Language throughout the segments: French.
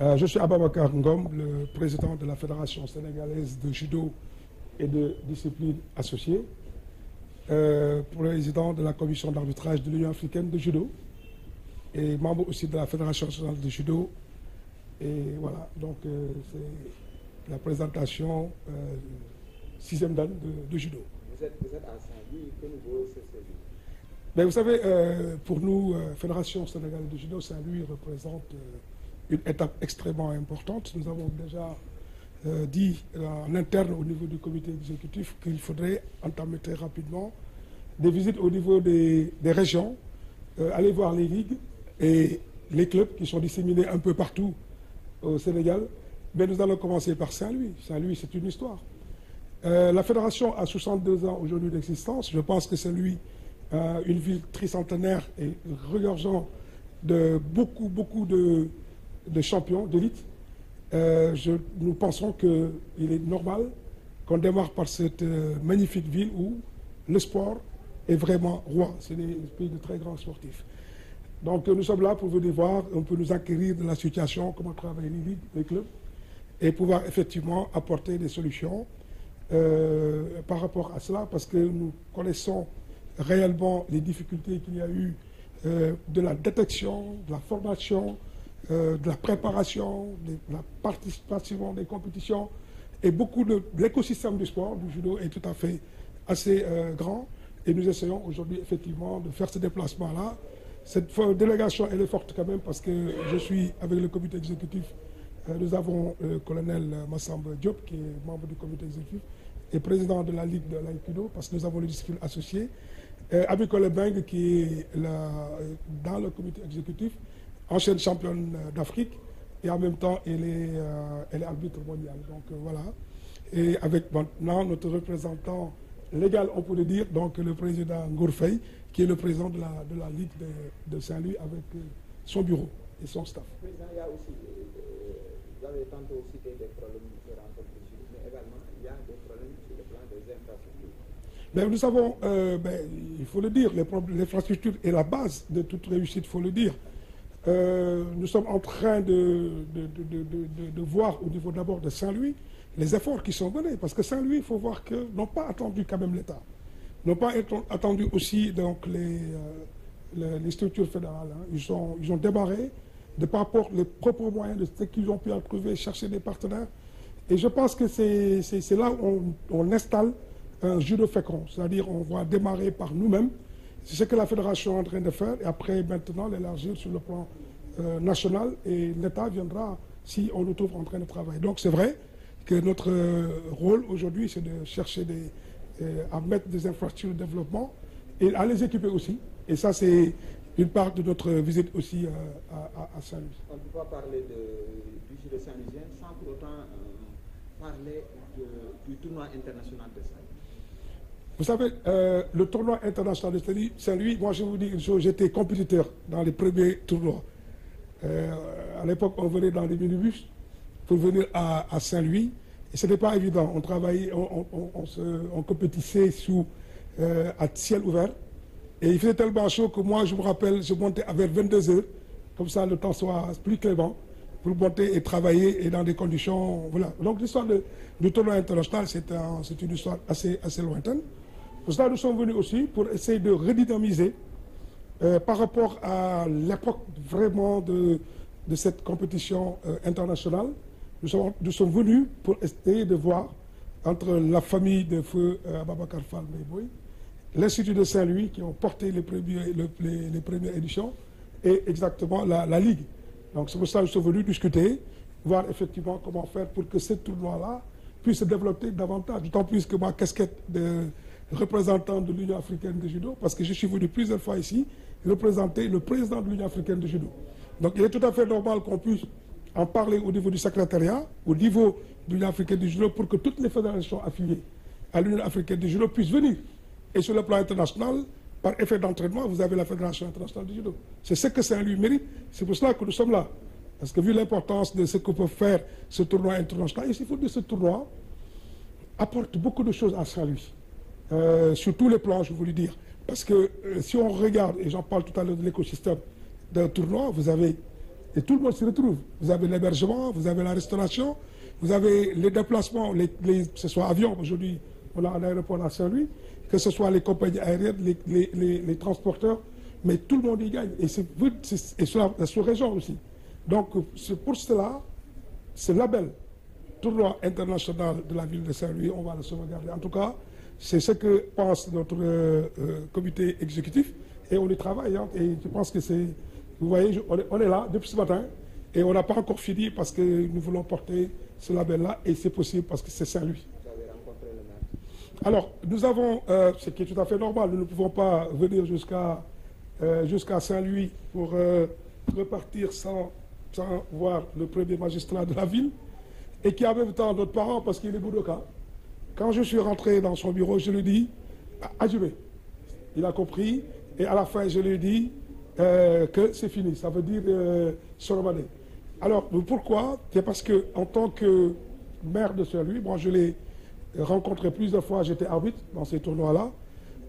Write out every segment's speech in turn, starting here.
Euh, je suis Ababakar Ngom, le président de la Fédération sénégalaise de judo et de disciplines associées, euh, président de la commission d'arbitrage de l'Union africaine de judo et membre aussi de la Fédération nationale de judo. Et voilà, donc euh, c'est la présentation euh, sixième dan de, de, judo. Vous êtes, à Saint-Louis, que Mais vous savez, pour nous, Fédération sénégalaise de judo, Saint-Louis représente une étape extrêmement importante. Nous avons déjà euh, dit en interne au niveau du comité exécutif qu'il faudrait entamer très rapidement des visites au niveau des, régions, euh, aller voir les ligues et les clubs qui sont disséminés un peu partout au Sénégal. Mais nous allons commencer par Saint-Louis. Saint-Louis, c'est une histoire. Euh, la fédération a 62 ans aujourd'hui d'existence. Je pense que Saint-Louis, une ville tricentenaire et regorgeant de beaucoup, beaucoup de, de champion d'élite, euh, nous pensons qu'il est normal qu'on démarre par cette euh, magnifique ville où le sport est vraiment roi. C'est des pays de très grands sportifs. Donc nous sommes là pour venir voir, on peut nous acquérir de la situation, comment travailler les clubs, et pouvoir effectivement apporter des solutions euh, par rapport à cela, parce que nous connaissons réellement les difficultés qu'il y a eu de la détection, de la formation, euh, de la préparation, de, la participation des compétitions. Et beaucoup de, l'écosystème du sport, du judo, est tout à fait assez euh, grand. Et nous essayons aujourd'hui, effectivement, de faire ce déplacement-là. Cette délégation, elle est forte quand même parce que je suis avec le comité exécutif. Euh, nous avons le colonel Massamba Diop, qui est membre du comité exécutif et président de la Ligue de l'Aïkido, parce que nous avons le discipline associé. avec le Beng, qui est dans le comité exécutif, ancienne championne euh, d'Afrique, et en même temps, elle est, euh, arbitre mondial. Donc euh, voilà. Et avec maintenant notre représentant légal, on pourrait dire, donc le président Gourfey, qui est le président de la, Ligue de, Saint-Louis avec son bureau et son staff. aussi, des problèmes différents, mais également, il y a des problèmes sur le plan des infrastructures. nous savons, ben, il faut le dire, les, est la base de toute réussite, il faut le dire. Euh, nous sommes en train de, voir au niveau d'abord de Saint-Louis les efforts qui sont donnés. Parce que Saint-Louis, il faut voir que n'ont pas attendu quand même l'État. N'ont pas attendu aussi donc, les, euh, structures fédérales. Hein. Ils, ont, ils ont de par rapport les propres moyens de ce qu'ils ont pu trouver, chercher des partenaires. Et je pense que c'est là où on, installe un jeu de fécond. C'est-à-dire on va démarrer par nous-mêmes c'est ce que la fédération est en train de faire et après maintenant l'élargir sur le plan euh, national et l'État viendra si on le trouve en train de travailler. Donc c'est vrai que notre euh, rôle aujourd'hui c'est de chercher des, euh, à mettre des infrastructures de développement et à les équiper aussi. Et ça c'est une part de notre visite aussi à, Saint-Louis. On ne peut pas parler du du de Saint-Louisien sans pour autant parler du tournoi international de Saint-Louis. Vous savez, euh, le tournoi international de Saint-Louis, moi je vous dis une chose, j'étais compétiteur dans les premiers tournois. Euh, à l'époque, on venait dans les minibus pour venir à, Saint-Louis. Et ce n'était pas évident. On travaillait, on, compétissait sous, euh, à ciel ouvert. Et il faisait tellement chaud que moi, je me rappelle, je montais à vers 22 heures. Comme ça, le temps soit plus clément pour monter et travailler et dans des conditions. Voilà. Donc l'histoire du tournoi international, c'est une histoire assez lointaine. Pour nous sommes venus aussi pour essayer de redynamiser euh, par rapport à l'époque vraiment de, de, cette compétition euh, internationale. Nous sommes, venus pour essayer de voir entre la famille de feu euh, Ababakar Fall l'Institut de Saint-Louis qui ont porté les, les, premières éditions et exactement la, Ligue. Donc c'est pour ça que nous sommes venus discuter, voir effectivement comment faire pour que ce tournoi-là puisse se développer davantage, d'autant plus que ma casquette de représentant de l'Union africaine de judo, parce que je suis venu plusieurs fois ici représenter le président de l'Union africaine de judo. Donc il est tout à fait normal qu'on puisse en parler au niveau du secrétariat, au niveau de l'Union africaine du judo, pour que toutes les fédérations affiliées à l'Union africaine du judo puissent venir. Et sur le plan international, par effet d'entraînement, vous avez la Fédération internationale du judo. C'est ce que Saint-Louis mérite, c'est pour cela que nous sommes là. Parce que vu l'importance de ce que peut faire ce tournoi international, il faut que ce tournoi apporte beaucoup de choses à saint euh, sur tous les plans, je voulais dire. Parce que euh, si on regarde, et j'en parle tout à l'heure de l'écosystème d'un tournoi, vous avez, et tout le monde s'y retrouve, vous avez l'hébergement, vous avez la restauration, vous avez les déplacements, que ce soit avion, aujourd'hui on a l'aéroport à Saint-Louis, que ce soit les compagnies aériennes, les, transporteurs, mais tout le monde y gagne, et, c'est, sur la, sous-région aussi. Donc pour cela, ce label, tournoi international de la ville de Saint-Louis, on va le sauvegarder. En tout cas, c'est ce que pense notre euh, euh, comité exécutif et on y travaille. Hein. et je pense que c'est. Vous voyez, on, est, là depuis ce matin et on n'a pas encore fini parce que nous voulons porter ce label-là et c'est possible parce que c'est Saint-Louis. Alors, nous avons, euh, ce qui est tout à fait normal, nous ne pouvons pas venir jusqu'à Saint-Louis pour repartir sans, sans voir le premier magistrat de la ville et qui en même temps notre parent parce qu'il est Boudoka. Quand je suis rentré dans son bureau, je lui ai dit, adieu. Il a compris, et à la fin, je lui ai dit euh, que c'est fini, ça veut dire euh, Alors, pourquoi C'est parce que, en tant que maire de celui moi je l'ai rencontré plusieurs fois, j'étais arbitre dans ces tournois-là.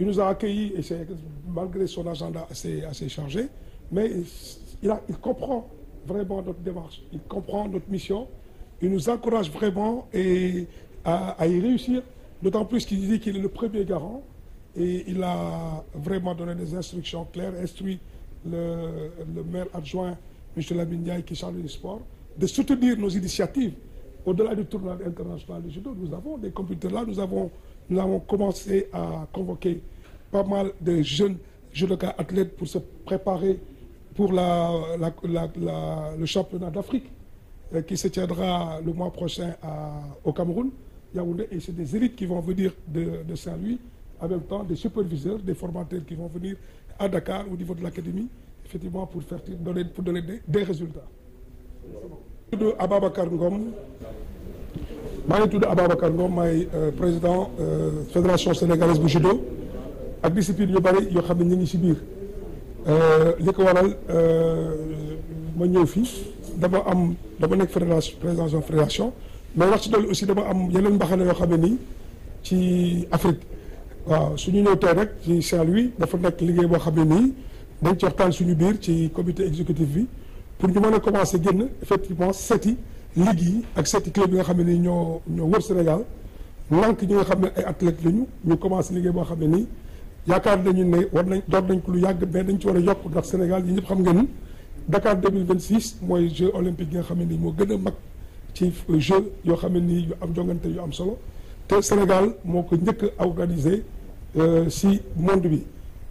Il nous a accueillis, et malgré son agenda assez, chargé, mais il, il comprend vraiment notre démarche, il comprend notre mission, il nous encourage vraiment et à, y réussir, d'autant plus qu'il dit qu'il est le premier garant et il a vraiment donné des instructions claires, instruit le, le maire adjoint, M. Lamignaï, qui chargé du sport, de soutenir nos initiatives au-delà du tournoi international du judo. Nous avons des computers là, nous avons, nous avons commencé à convoquer pas mal de jeunes judoka athlètes pour se préparer pour la, le championnat d'Afrique euh, qui se tiendra le mois prochain au Cameroun. Yaoundé, et c'est des élites qui vont venir de, de Saint-Louis, en même temps des superviseurs, des formateurs qui vont venir à Dakar au niveau de l'académie, effectivement pour, faire, donner, pour donner des, des résultats. De Ababakar Ngom, maa ngi Ababakar Ababacar Ngom de euh, président euh, fédération sénégalaise de judo ak discipline yu bëri yoo xam ne Je suis ci biir euh, li ko waral ma ñëw fii dama am dama fédération fédération mais wax ci dolli aussi dama am yeneen mbaxane yoo xam ne nii ci Afrique waaw suñu ñëw tey rek ci Saint-Louis dafa nekk liggéey boo xam ne nii dañ ci waxtaan suñu biir ci comité exécutif bi pour ñu mën a commencé génn effectivement seeti ligue yi ak seeti club yi nga xam ne nii ñoo ñoo wër Sénégal lank ñi nga xam ne ay athlète lañu ñu commencé liggéey boo xam ne nii yaakaar nañu ne war nañ door nañ ko lu yàgg mais dañ ci war a yokk ndax Sénégal yi ñëpp xam ni Dakar 2026 mooy Jeux olympiques yi nga xam ne nii moo gën a mag ci jeu yoo xam ne yu am jongante yu am solo te Sénégal moo ko njëkk a organisé si euh, monde bi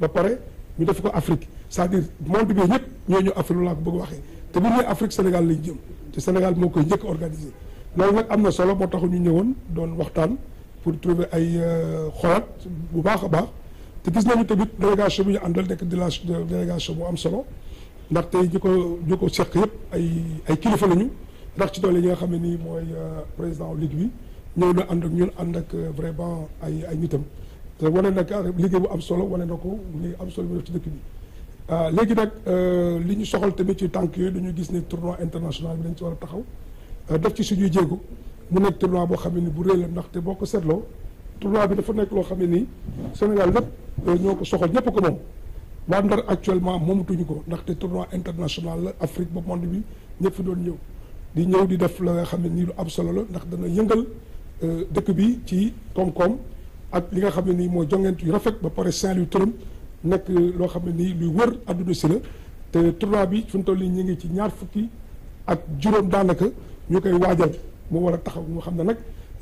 ba pare ñu def ko Afrique c'est-à-dire monde bi ñëpp ñoo ñu Afrique laa ko bëgg waxee te bu ñëwee Afrique Sénégal lañ jëm te Sénégal moo koy njëkk a organisé loolu nag am na solo moo taxu ñu ñëwoon doon waxtaan pour trouver ay euh, xolaat bu baax a baax te gis nañu tamit délégation bu ñu àndal nekk délégation bu am solo ndaxte ñu ko ñu ko seq yëpp ay ay kilifa lañu. ndax ci doole yi nga xam ne nii mooy euh, président ligue bi ñëw na ànd ak ñun ànd ak euh, vraiment ay ay nitam te wane nag liggéey bu am solo wane na ko liggéey am solo bu def ci dëkk bi ah, léegi nag euh, li ñu soxal tamit ci tànk yooyu dañu gis ne tournoi international bi dañ ci war taxaw def ci suñuy jéego mu nekk tournoi boo xam ne ni bu rëy ndaxte boo ko seetloo tournoi bi dafa nekk loo xam ne nii Sénégal lépp ñoo ko soxal ñëpp ko moom waa Ndar actuellement moomatuñu ko ndaxte tournoi international la Afrique ba monde bi ñëpp fi doon ñëw di ñëw di def la nga xam ne nii lu am solo la ndax dana yëngal euh, dëkk bi ci koom-koom ak li nga xam ne nii mooy jongent yu rafet ba pare Saint-Louis turam nekk loo xam ne nii luy wër adduna si la te tournoi bi fi mu toll nii ñu ngi ci ñaar fukki ak juróom daanaka ñu koy waajal mu war a taxaw moo xam ne nag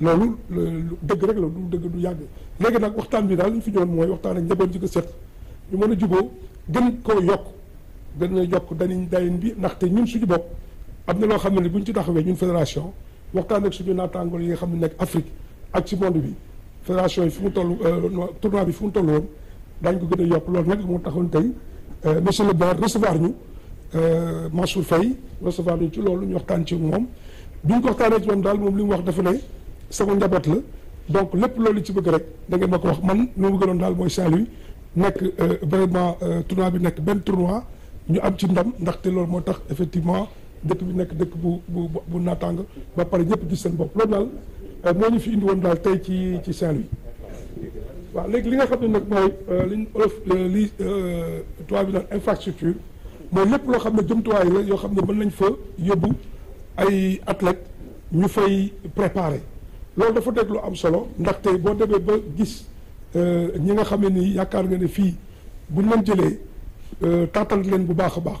loolu lu dëgg rek la du dëgg du yàgg léegi nag waxtaan bi daal li ñu fi ñoon mooy waxtaan ak njaboot ji ko seet ñu mën a juboo gën koo yokk gën a yokk danañ dayin bi ndaxte ñun suñu bopp am na loo xam ne ni bu ci taxawee ñun fédération waxtaan ak suñu naataangoo yi nga xam ne nekk Afrique ak ci monde bi fédération yi fi mu toll euh, tournoi bi fi mu toll woon daañu ko gën a yokk loolu nag moo taxoon tey euh, monsieur le maire recevoir ñu euh, Mansour Faye recevoir ñu ci loolu ñu waxtaan ci moom bi ko waxtaanee ci moom daal moom li mu wax dafa ne sama njaboot la donc lépp loolu ci bëgg rek da ngeen ma ko wax man li ma gënoon daal mooy Saint-Louis nekk vraiment tournoi bi nekk benn tournoi ñu am ci ndam ndaxte loolu moo tax effectivement dëkk bi nekk dëkk bu bu bu ba pare ñëpp gis seen bopp loolu daal euh, moo fi indi woon daal tey ci ci Saint-Louis waaw léegi li nga xam ne nag mooy euh, euh, li bi infrastructure mooy lépp loo xam ne la yoo xam ne mën fa yóbbu ay athlètes ñu fay préparer dafa dégg lu am solo boo demee ba gis ñi nga ni yaakaar nga ne fii leen jëlee bu baax baax.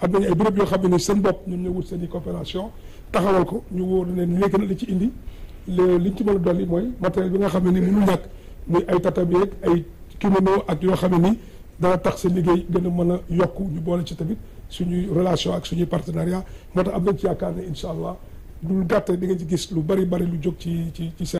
am nañu ay béréb yoo xam ne ni seen bopp ñu ñoo wut seen i coopération taxawal ko ñu wóor leen léegi nag li ci indi le li ñu ci mën a dolli mooy matériel bi nga xam ne ni mënul ñàkk muy ay tatami yeeg ay kimono ak yoo xam ne ni dana tax seen liggéey gën a mën a yokk ñu boole ci tamit suñuy relation ak suñuy partenariat moo tax am nañ ci yaakaar ne incha allah lu gàtt di nga ci gis lu bari bari lu jóg ci ci ci seen